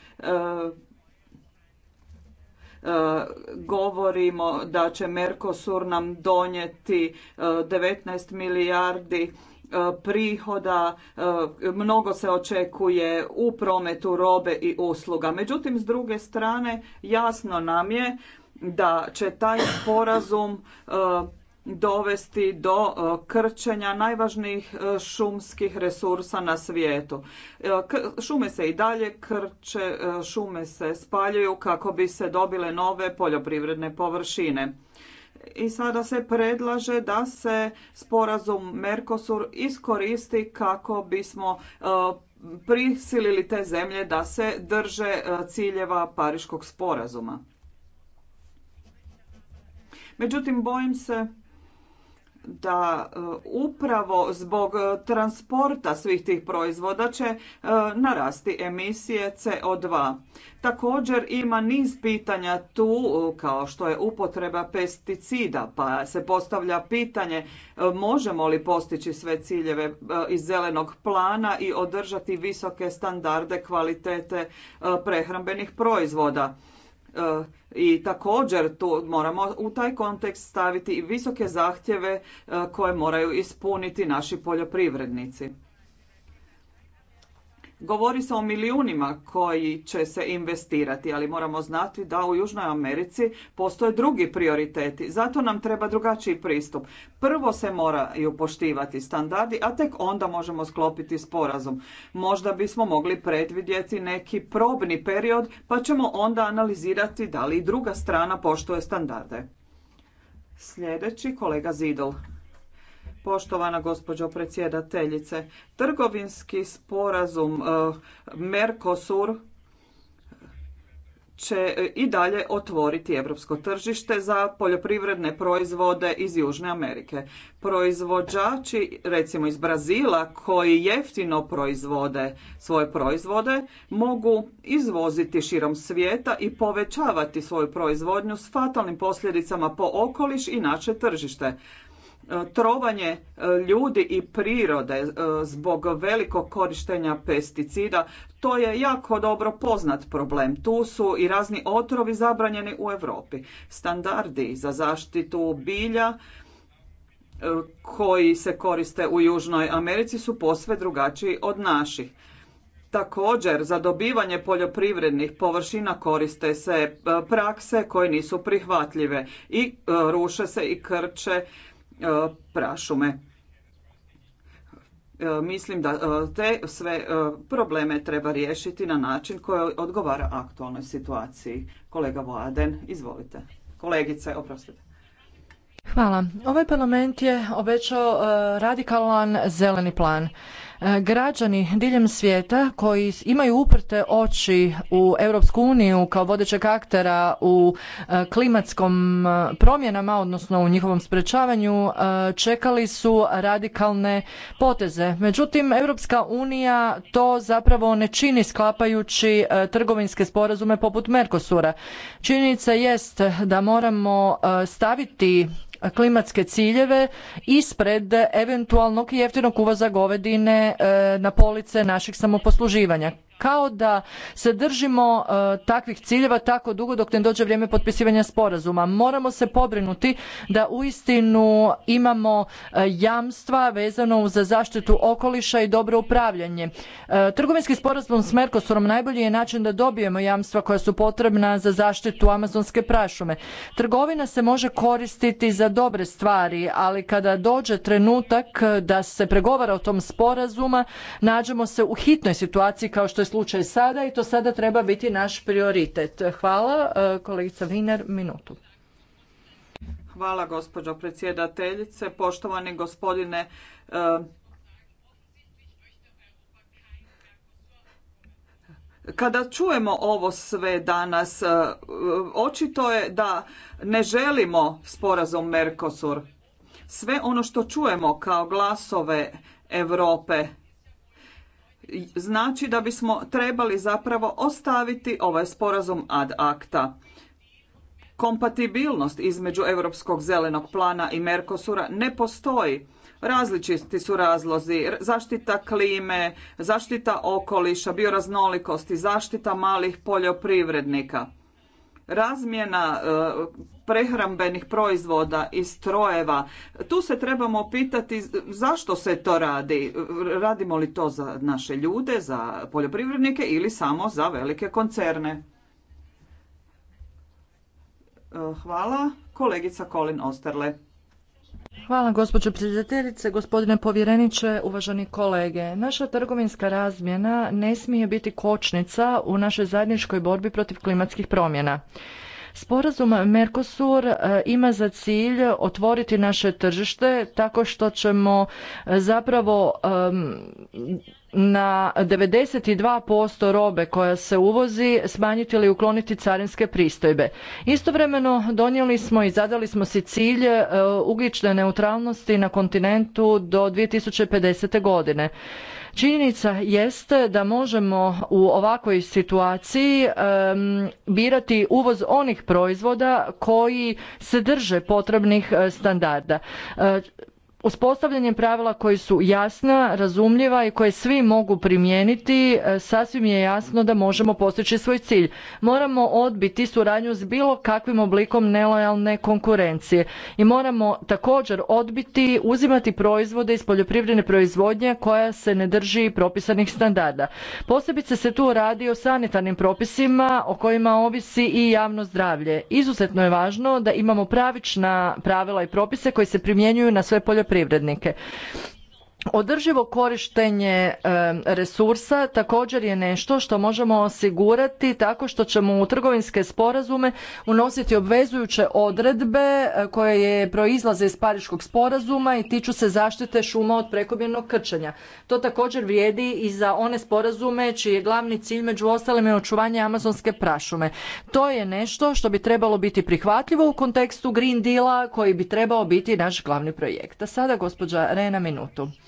E, govorimo da će Mercosur nam donijeti 19 e, milijardi e, prihoda, mnogo se očekuje u prometu robe i usluga. Međutim, s druge strane, jasno nam je da će taj sporazum dovesti do e, krčenja najvažnijih e, šumskih resursa na svijetu. E, šume se i dalje krče, šume se spaljuju kako bi se dobile nove poljoprivredne površine. I sada se predlaže da se sporazum Mercosur iskoristi kako bismo prisilili te zemlje da se drže ciljeva Pariškog sporazuma. Međutim, bojim se da e, upravo zbog transporta svih tih proizvoda će e, narasti emisije CO2. Također ima niz pitanja tu e, kao što je upotreba pesticida pa se postavlja pitanje možemo li postići sve ciljeve iz zelenog plana i održati visoke standarde kvalitete prehrambenih proizvoda E, I također tu moramo u taj kontekst staviti i visoke zahtjeve e, koje moraju ispuniti naši poljoprivrednici. Govori se o milijunima koji će se investirati, ali moramo znati da u Južnoj Americi postoje drugi prioriteti. Zato nam treba drugačiji pristup. Prvo se moraju poštivati standardi, a tek onda možemo sklopiti sporazum. Možda bismo mogli predvidjeti neki probni period, pa ćemo onda analizirati da li i druga strana poštuje standarde. Sljedeći kolega Zidol. Poštovana gospođo predsjedateljice, trgovinski sporazum eh, Mercosur će eh, i dalje otvoriti europsko tržište za poljoprivredne proizvode iz Južne Amerike. Proizvođači, recimo iz Brazila, koji jeftino proizvode svoje proizvode, mogu izvoziti širom svijeta i povećavati svoju proizvodnju s fatalnim posljedicama po okoliš i naše tržište. E, trovanje e, ljudi i prirode e, zbog velikog korištenja pesticida, to je jako dobro poznat problem. Tu su i razni otrovi zabranjeni u Europi. Standardi za zaštitu bilja koji se koriste u Južnoj Americi su posve drugačiji od naših. Također, za dobivanje poljoprivrednih površina koriste se prakse koje nisu prihvatljive i ruše se i krče E, prašume. E, mislim da e, te sve probleme treba riješiti na način koji odgovara aktualnoj situaciji. Kolega Vladen, izvolite. Kolegice, oprostite. Hvala. Ovaj parlament je obećao radikalan zeleni plan. E, građani diljem svijeta koji imaju uprte oči u Europsku uniju kao vodećeg aktera u e, klimatskom e, promjenama, odnosno u njihovom sprečavanju, čekali su radikalne poteze. Međutim, Europska unija to zapravo ne čini sklapajući trgovinske sporazume poput Mercosura. Činjenica jest da moramo staviti klimatske ciljeve ispred eventualnog jeftinog uvoza govedine e, na police naših samoposluživanja kao da se držimo e, takvih ciljeva tako dugo dok ne dođe vrijeme potpisivanja sporazuma. Moramo se pobrinuti da uistinu imamo e, jamstva vezano za zaštitu okoliša i dobro upravljanje. E, trgovinski sporazum s Mercosurom najbolji je način da dobijemo jamstva koja su potrebna za zaštitu amazonske prašume. Trgovina se može koristiti za dobre stvari, ali kada dođe trenutak da se pregovara o tom sporazuma, nađemo se u hitnoj situaciji kao što je slučaj sada i to sada treba biti naš prioritet. Hvala, e, kolegica Viner, minutu. Hvala gospođo predsjedateljice, poštovani gospodine e, Kada čujemo ovo sve danas, e, očito je da ne želimo sporazum Mercosur. Sve ono što čujemo kao glasove Europe znači da bismo trebali zapravo ostaviti ovaj sporazum ad acta. Kompatibilnost između Europskog zelenog plana i merkosura ne postoji. Različiti su razlozi, zaštita klime, zaštita okoliša, bioraznolikosti, zaštita malih poljoprivrednika – razmjena e, prehrambenih proizvoda i strojeva. Tu se trebamo pitati zašto se to radi. Radimo li to za naše ljude, za poljoprivrednike ili samo za velike koncerne? E, hvala. Kolegica Colin Osterle. Hvala gospođo predsjedateljice, gospodine povjereniče, uvaženi kolege. Naša trgovinska razmjena ne smije biti kočnica u našoj zajedničkoj borbi protiv klimatskih promjena. Sporazum Mercosur e, ima za cilj otvoriti naše tržište tako što ćemo e, zapravo na 92% robe koja se uvozi smanjiti ili ukloniti carinske pristojbe. Istovremeno donijeli smo i zadali smo si cilj e, ugljične neutralnosti na kontinentu do 2050. godine. Činjenica jest da možemo u ovakvoj situaciji birati uvoz onih proizvoda koji se drže potrebnih e, standarda. E, Uspostavljanjem pravila koji su jasna, razumljiva i koje svi mogu primijeniti, e, sasvim je jasno da možemo postići svoj cilj. Moramo odbiti suradnju s bilo kakvim oblikom nelojalne konkurencije i moramo također odbiti uzimati proizvode iz poljoprivredne proizvodnje koja se ne drži propisanih standarda. Posebice se tu radi o sanitarnim propisima o kojima ovisi i javno zdravlje. Izuzetno je važno da imamo pravična pravila i propise koji se primjenjuju na sve poljoprivredne poljoprivrednike. Održivo korištenje resursa također je nešto što možemo osigurati tako što ćemo u trgovinske sporazume unositi obvezujuće odredbe e, koje je proizlaze iz Pariškog sporazuma i tiču se zaštite šuma od prekomjernog krčenja. To također vrijedi i za one sporazume čiji je glavni cilj među ostalim je očuvanje amazonske prašume. To je nešto što bi trebalo biti prihvatljivo u kontekstu Green Deala koji bi trebao biti naš glavni projekt. A sada gospođa Rena minutu.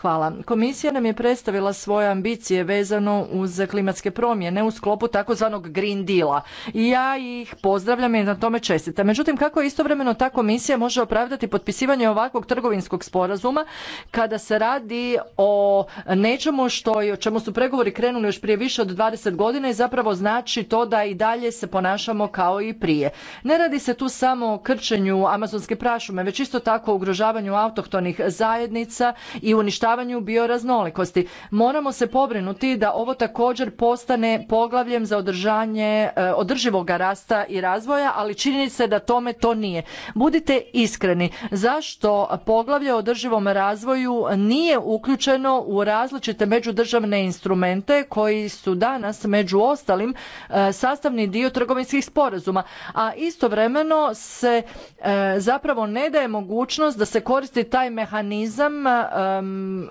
Hvala. Komisija nam je predstavila svoje ambicije vezano uz klimatske promjene u sklopu takozvanog Green Deala. I ja ih pozdravljam i na tome čestitam. Međutim, kako istovremeno ta komisija može opravdati potpisivanje ovakvog trgovinskog sporazuma kada se radi o nečemu što i o čemu su pregovori krenuli još prije više od 20 godina i zapravo znači to da i dalje se ponašamo kao i prije. Ne radi se tu samo o krčenju amazonske prašume, već isto tako o ugrožavanju autohtonih zajednica i uništavanju bioraznolikosti. Moramo se pobrinuti da ovo također postane poglavljem za održanje eh, održivoga održivog rasta i razvoja, ali čini se da tome to nije. Budite iskreni, zašto poglavlje o održivom razvoju nije uključeno u različite međudržavne instrumente koji su danas među ostalim eh, sastavni dio trgovinskih sporazuma, a istovremeno se eh, zapravo ne daje mogućnost da se koristi taj mehanizam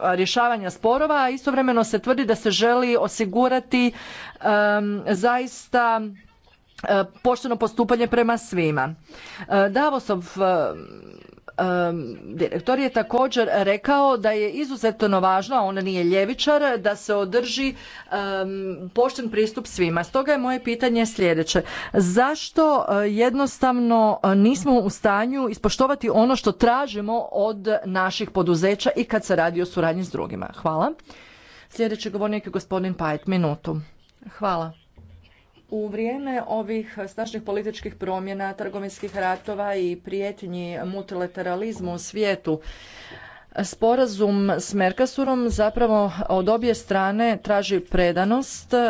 rješavanja sporova, a istovremeno se tvrdi da se želi osigurati zaista e, pošteno postupanje prema svima. E, Davosov e, direktor je također rekao da je izuzetno važno, a on nije ljevičar, da se održi pošten pristup svima. Stoga je moje pitanje sljedeće. Zašto e, jednostavno e, nismo u stanju ispoštovati ono što tražimo od naših poduzeća i kad se radi o suradnji s drugima? Hvala. Sljedeći govornik je gospodin Pajet. Minutu. Hvala. U vrijeme ovih snažnih političkih promjena, trgovinskih ratova i prijetnji multilateralizmu u svijetu, Sporazum s Merkasurom zapravo od obje strane traži predanost e,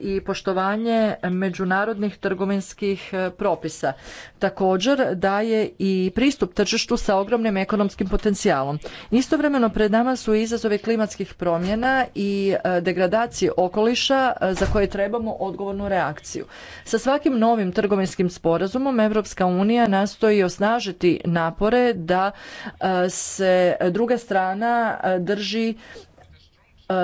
i poštovanje međunarodnih trgovinskih e, propisa. Također daje i pristup tržištu sa ogromnim ekonomskim potencijalom. Istovremeno pred nama su izazovi klimatskih promjena i e, degradacije okoliša za koje trebamo odgovornu reakciju. Sa svakim novim trgovinskim sporazumom Europska unija nastoji osnažiti napore da se druga strana e, drži e,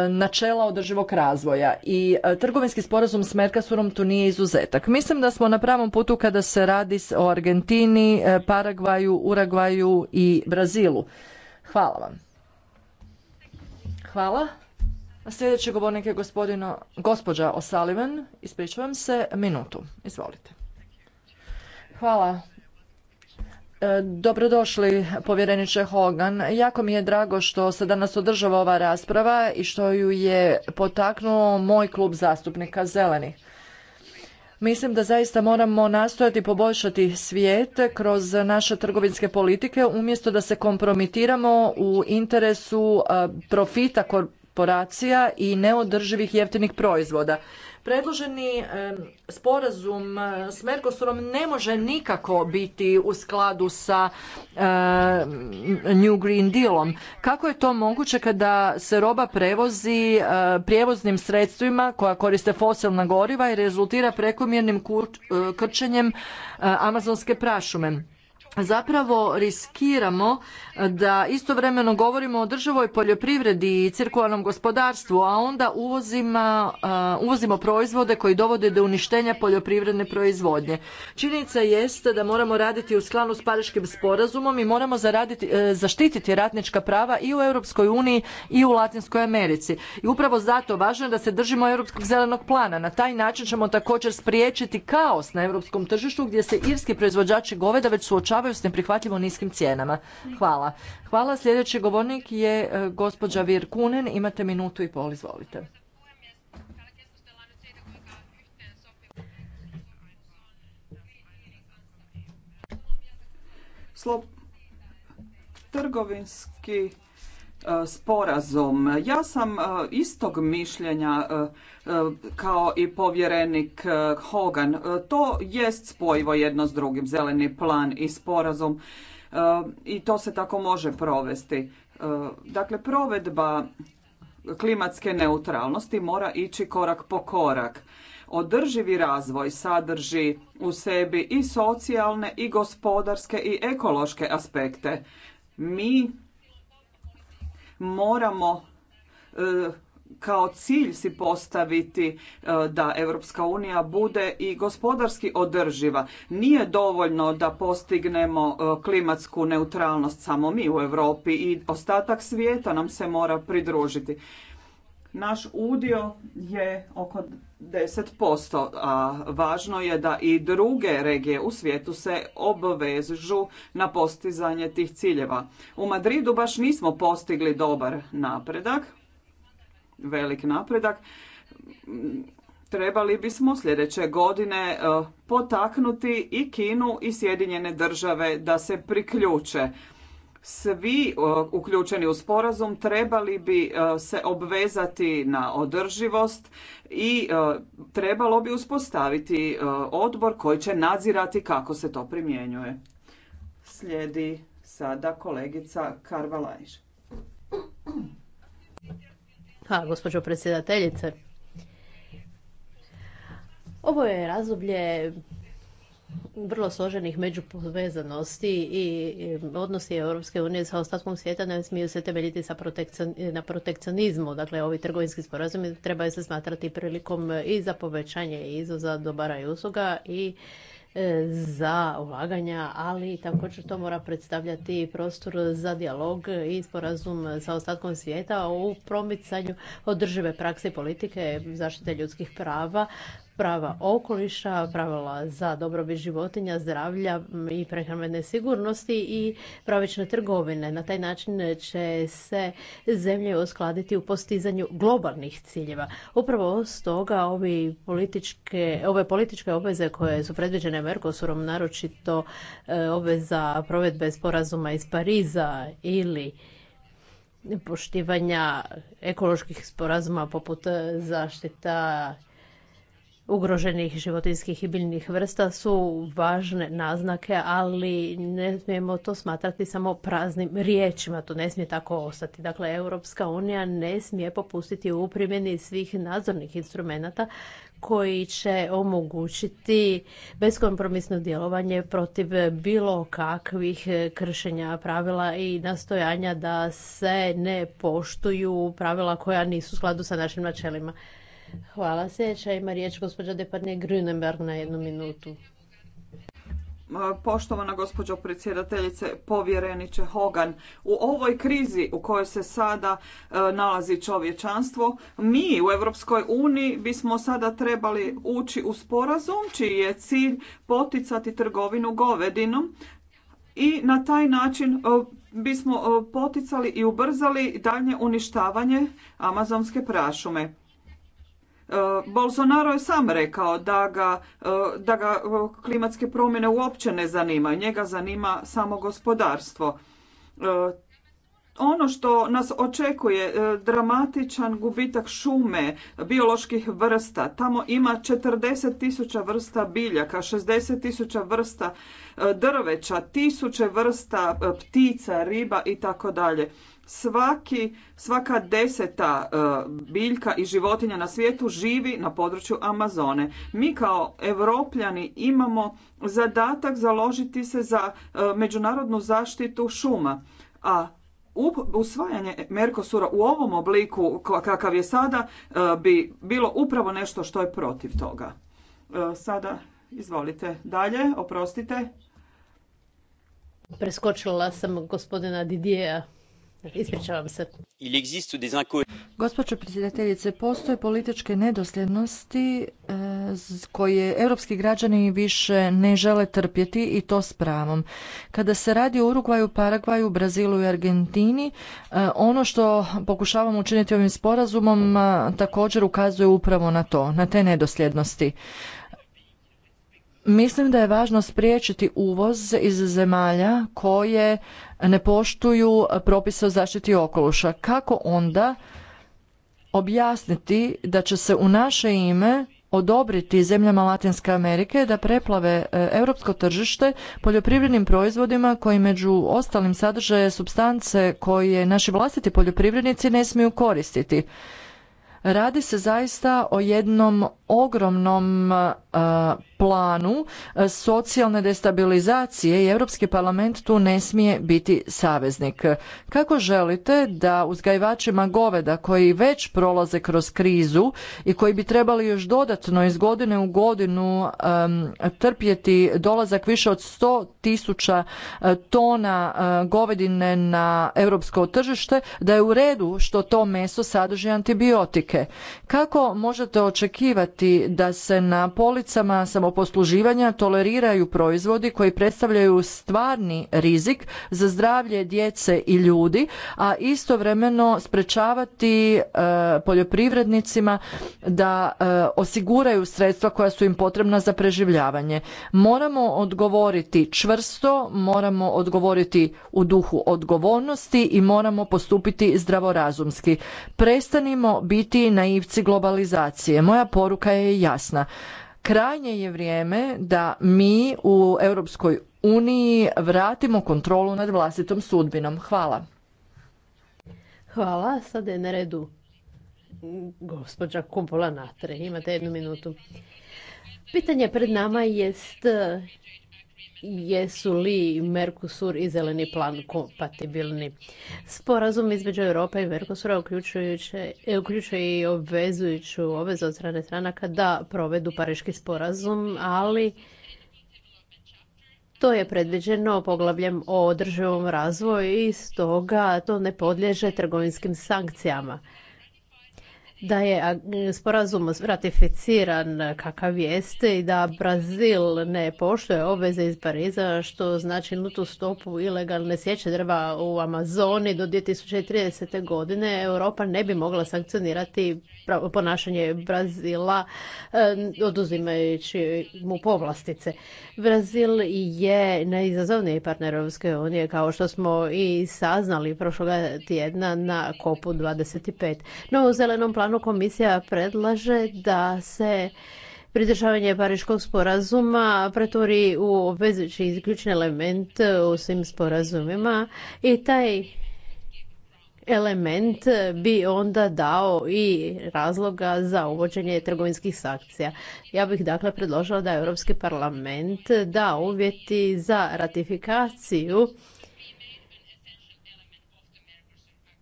načela održivog razvoja i e, trgovinski sporazum s Merkasurom tu nije izuzetak. Mislim da smo na pravom putu kada se radi o Argentini, Paragvaju, Uragvaju i Brazilu. Hvala vam. Hvala. Sljedeći govornik je gospodino, gospođa O'Sullivan. ispričavam se, minutu. Izvolite. Hvala E, dobrodošli povjereniče Hogan. Jako mi je drago što se danas održava ova rasprava i što ju je potaknuo moj klub zastupnika Zeleni. Mislim da zaista moramo nastojati poboljšati svijet kroz naše trgovinske politike umjesto da se kompromitiramo u interesu e, profita korporacija i neodrživih jeftinih proizvoda. Predloženi sporazum s Mercosurom ne može nikako biti u skladu sa New Green Dealom. Kako je to moguće kada se roba prevozi prijevoznim sredstvima koja koriste fosilna goriva i rezultira prekomjernim krčenjem amazonske prašume? zapravo riskiramo eh, da istovremeno govorimo o državoj poljoprivredi i cirkularnom gospodarstvu, a onda eh, uvozimo proizvode koji dovode do uništenja poljoprivredne proizvodnje. Činjenica jeste da moramo raditi u skladu s Pariškim sporazumom i moramo zaraditi, eh, zaštititi ratnička prava i u Europskoj uniji i u Latinskoj Americi. I upravo zato važno je da se držimo Europskog zelenog plana. Na taj način ćemo također spriječiti kaos na europskom tržištu gdje se irski proizvođači goveda već suočavaju prodavaju s neprihvatljivo niskim cijenama. Hvala. Hvala. Sljedeći govornik je e, gospođa kunen Imate minutu i pol. Izvolite. Slob... Trgovinski E, sporazum. Ja sam e, istog mišljenja e, kao i povjerenik Hogan. To jest spojivo jedno s drugim, zeleni plan i sporazum i to se tako može provesti. Dakle, provedba klimatske neutralnosti mora ići korak po korak. Održivi razvoj sadrži u sebi i socijalne i gospodarske i ekološke aspekte. Mi moramo e, kao cilj si postaviti e, da Europska unija bude i gospodarski održiva. Nije dovoljno da postignemo e, klimatsku neutralnost samo mi u Europi i ostatak svijeta nam se mora pridružiti. Naš udio je oko 10%, a važno je da i druge regije u svijetu se obvežu na postizanje tih ciljeva. U Madridu baš nismo postigli dobar napredak, velik napredak. Trebali bismo sljedeće godine e, potaknuti i Kinu i Sjedinjene države da se priključe svi uključeni u sporazum trebali bi e, se obvezati na održivost i e, trebalo bi uspostaviti e, odbor koji će nadzirati kako se to primjenjuje. Slijedi sada kolegica Karvalajž. Hvala, gospođo predsjedateljice. Ovo je razdoblje vrlo složenih međupovezanosti i odnosi Europske unije sa ostatkom svijeta ne smiju se temeljiti sa na protekcionizmu. Dakle, ovi trgovinski sporazumi trebaju se smatrati prilikom i za povećanje izvoza dobara i usluga i e, za ulaganja, ali također to mora predstavljati prostor za dijalog i sporazum sa ostatkom svijeta u promicanju održive prakse politike, zaštite ljudskih prava, prava okoliša, pravila za dobrobit životinja, zdravlja i prehrambene sigurnosti i pravične trgovine. Na taj način će se zemlje uskladiti u postizanju globalnih ciljeva. Upravo stoga ovi političke, ove političke obveze koje su predviđene Mercosurom, naročito e, obveza provedbe sporazuma iz Pariza ili poštivanja ekoloških sporazuma poput zaštita ugroženih životinjskih i biljnih vrsta su važne naznake, ali ne smijemo to smatrati samo praznim riječima, to ne smije tako ostati. Dakle, Europska unija ne smije popustiti u primjeni svih nadzornih instrumenata koji će omogućiti beskompromisno djelovanje protiv bilo kakvih kršenja pravila i nastojanja da se ne poštuju pravila koja nisu u skladu sa našim načelima. Hvala. Sljedeća ima riječ gospođa Deparne Grünenberg na jednu minutu. Poštovana gospođo predsjedateljice, povjereniče Hogan, u ovoj krizi u kojoj se sada e, nalazi čovječanstvo, mi u Europskoj uniji bismo sada trebali ući u sporazum čiji je cilj poticati trgovinu govedinom i na taj način e, bismo e, poticali i ubrzali dalje uništavanje amazonske prašume. E, Bolsonaro je sam rekao da ga, e, da e, klimatske promjene uopće ne zanimaju, njega zanima samo gospodarstvo. Ono što nas očekuje, dramatičan gubitak šume, bioloških vrsta. Tamo ima 40 tisuća vrsta biljaka, 60 tisuća vrsta drveća, tisuće vrsta ptica, riba i tako dalje. Svaki, svaka deseta e, biljka i životinja na svijetu živi na području Amazone. Mi kao evropljani imamo zadatak založiti se za e, međunarodnu zaštitu šuma, a usvajanje Merkosura u ovom obliku kakav je sada e, bi bilo upravo nešto što je protiv toga. Sada izvolite dalje, oprostite. Preskočila sam gospodina Didijeja. Gospođo predsjedateljice, postoje političke nedosljednosti e, koje europski građani više ne žele trpjeti i to s pravom. Kada se radi o Urugvaju, Paragvaju, Brazilu i Argentini, e, ono što pokušavamo učiniti ovim sporazumom e, također ukazuje upravo na to, na te nedosljednosti. Mislim da je važno spriječiti uvoz iz zemalja koje ne poštuju propise o zaštiti okoliša. Kako onda objasniti da će se u naše ime odobriti zemljama Latinske Amerike da preplave e, europsko tržište poljoprivrednim proizvodima koji među ostalim sadržaje substance koje naši vlastiti poljoprivrednici ne smiju koristiti. Radi se zaista o jednom ogromnom e, planu e, socijalne destabilizacije i Europski parlament tu ne smije biti saveznik. Kako želite da uzgajivačima goveda koji već prolaze kroz krizu i koji bi trebali još dodatno iz godine u godinu trpjeti dolazak više od 100 tisuća e, tona govedine na europsko tržište, da je u redu što to meso sadrži antibiotike. Kako možete očekivati da se na policama samoposluživanja toleriraju proizvodi koji predstavljaju stvarni rizik za zdravlje djece i ljudi, a istovremeno sprečavati e, poljoprivrednicima da e, osiguraju sredstva koja su im potrebna za preživljavanje. Moramo odgovoriti čvrsto, moramo odgovoriti u duhu odgovornosti i moramo postupiti zdravorazumski. Prestanimo biti naivci globalizacije. Moja poruka je jasna. Krajnje je vrijeme da mi u Europskoj uniji vratimo kontrolu nad vlastitom sudbinom. Hvala. Hvala. Sada je na redu gospođa Kumpola Natre. Imate jednu minutu. Pitanje pred nama jest jesu li Mercosur i zeleni plan kompatibilni. Sporazum između Europe i Mercosura e, uključuje i obvezujuću obvezu od strane stranaka da provedu Pariški sporazum, ali to je predviđeno poglavljem o održivom razvoju i stoga to ne podliježe trgovinskim sankcijama da je sporazum ratificiran kakav jeste i da Brazil ne poštuje obveze iz Pariza, što znači nutu stopu ilegalne sječe drva u Amazoni do 2030. godine, Europa ne bi mogla sankcionirati ponašanje Brazila e, oduzimajući mu povlastice. Brazil je najizazovniji partner Europske unije, kao što smo i saznali prošloga tjedna na kopu 25. No, u zelenom planu komisija predlaže da se pridržavanje Pariškog sporazuma pretvori u obvezujući ključni element u svim sporazumima i taj element bi onda dao i razloga za uvođenje trgovinskih sankcija. Ja bih dakle predložila da Europski parlament da uvjeti za ratifikaciju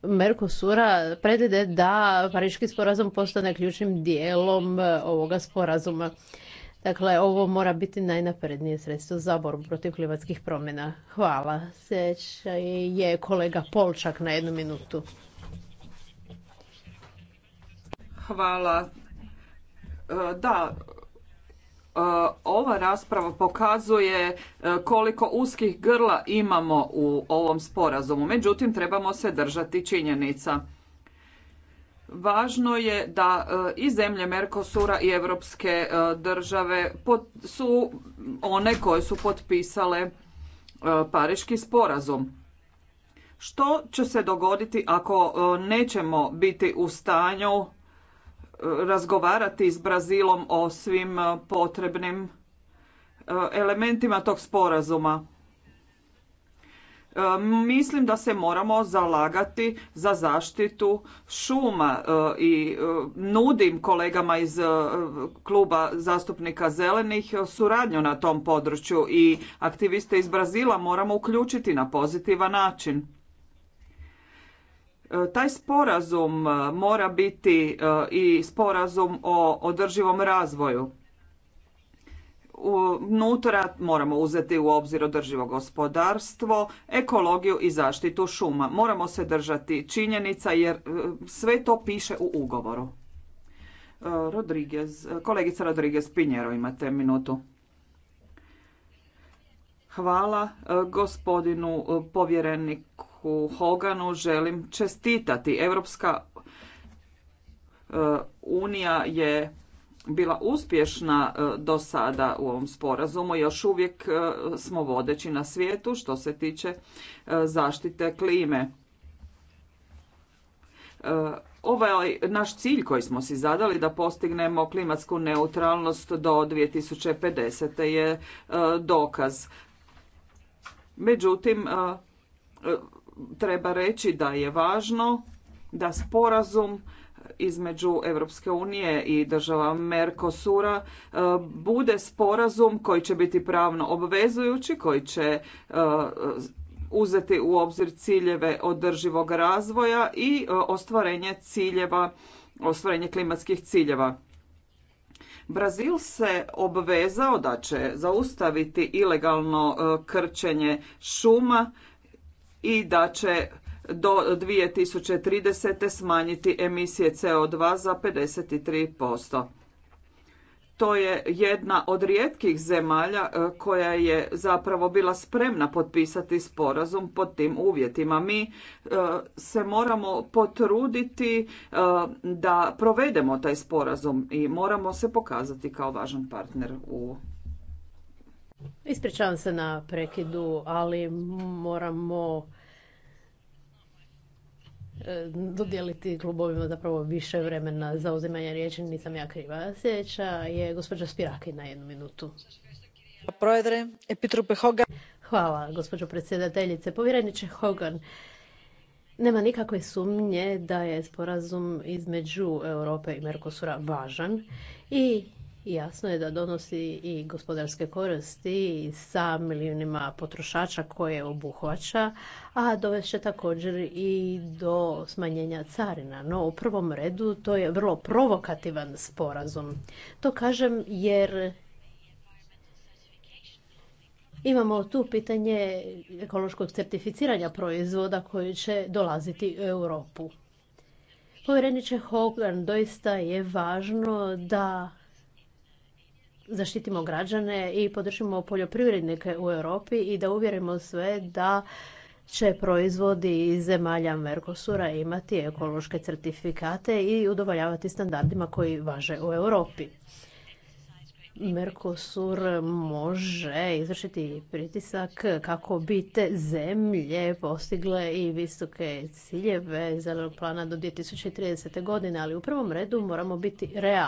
Mercosura predvide da Pariški sporazum postane ključnim dijelom e, ovoga sporazuma. Dakle, ovo mora biti najnaprednije sredstvo za borbu protiv klimatskih promjena. Hvala. Sljedeća je kolega Polčak na jednu minutu. Hvala. E, da, E, ova rasprava pokazuje e, koliko uskih grla imamo u ovom sporazumu. Međutim, trebamo se držati činjenica. Važno je da e, i zemlje Merkosura i evropske države su one koje su potpisale Pariški sporazum. Što će se dogoditi ako nećemo biti u stanju razgovarati s Brazilom o svim e, potrebnim e, elementima tog sporazuma. E, mislim da se moramo zalagati za zaštitu šuma i nudim kolegama iz kluba zastupnika zelenih suradnju na tom području i aktiviste iz Brazila moramo uključiti na pozitivan način. E, taj sporazum e, mora biti e, i sporazum o održivom razvoju. Unutra moramo uzeti u obzir održivo gospodarstvo, ekologiju i zaštitu šuma. Moramo se držati činjenica jer sve to piše u ugovoru. Rodriguez, kolegica Rodriguez Pinjero, imate minutu. Hvala gospodinu povjereniku u Hoganu želim čestitati. Europska e, unija je bila uspješna e, do sada u ovom sporazumu. Još uvijek e, smo vodeći na svijetu što se tiče zaštite klime. Ovaj naš cilj koji smo si zadali da postignemo klimatsku neutralnost do 2050. je dokaz. Međutim, treba reći da je važno da sporazum između Europske unije i država Mercosura e, bude sporazum koji će biti pravno obvezujući, koji će e, uzeti u obzir ciljeve održivog razvoja i e, ostvarenje ciljeva, ostvarenje klimatskih ciljeva. Brazil se obvezao da će zaustaviti ilegalno krčenje šuma i da će do 2030. smanjiti emisije CO2 za 53%. To je jedna od rijetkih zemalja e, koja je zapravo bila spremna potpisati sporazum pod tim uvjetima. Mi e, se moramo potruditi e, da provedemo taj sporazum i moramo se pokazati kao važan partner u Ispričavam se na prekidu, ali moramo e, dodijeliti klubovima zapravo više vremena za uzimanje riječi, nisam ja kriva. Sljedeća je gospođa Spiraki na jednu minutu. Hvala, gospođo predsjedateljice. Povjereniče Hogan, nema nikakve sumnje da je sporazum između Europe i Mercosura važan i Jasno je da donosi i gospodarske koristi sa milijunima potrošača koje obuhvaća, a dovest će također i do smanjenja carina. No u prvom redu to je vrlo provokativan sporazum. To kažem jer imamo tu pitanje ekološkog certificiranja proizvoda koji će dolaziti u Europu. Povjereniče Hogan, doista je važno da zaštitimo građane i podržimo poljoprivrednike u Europi i da uvjerimo sve da će proizvodi iz zemalja Mercosura imati ekološke certifikate i udovoljavati standardima koji važe u Europi. Mercosur može izvršiti pritisak kako bi te zemlje postigle i visoke ciljeve zelenog plana do 2030. godine, ali u prvom redu moramo biti realni.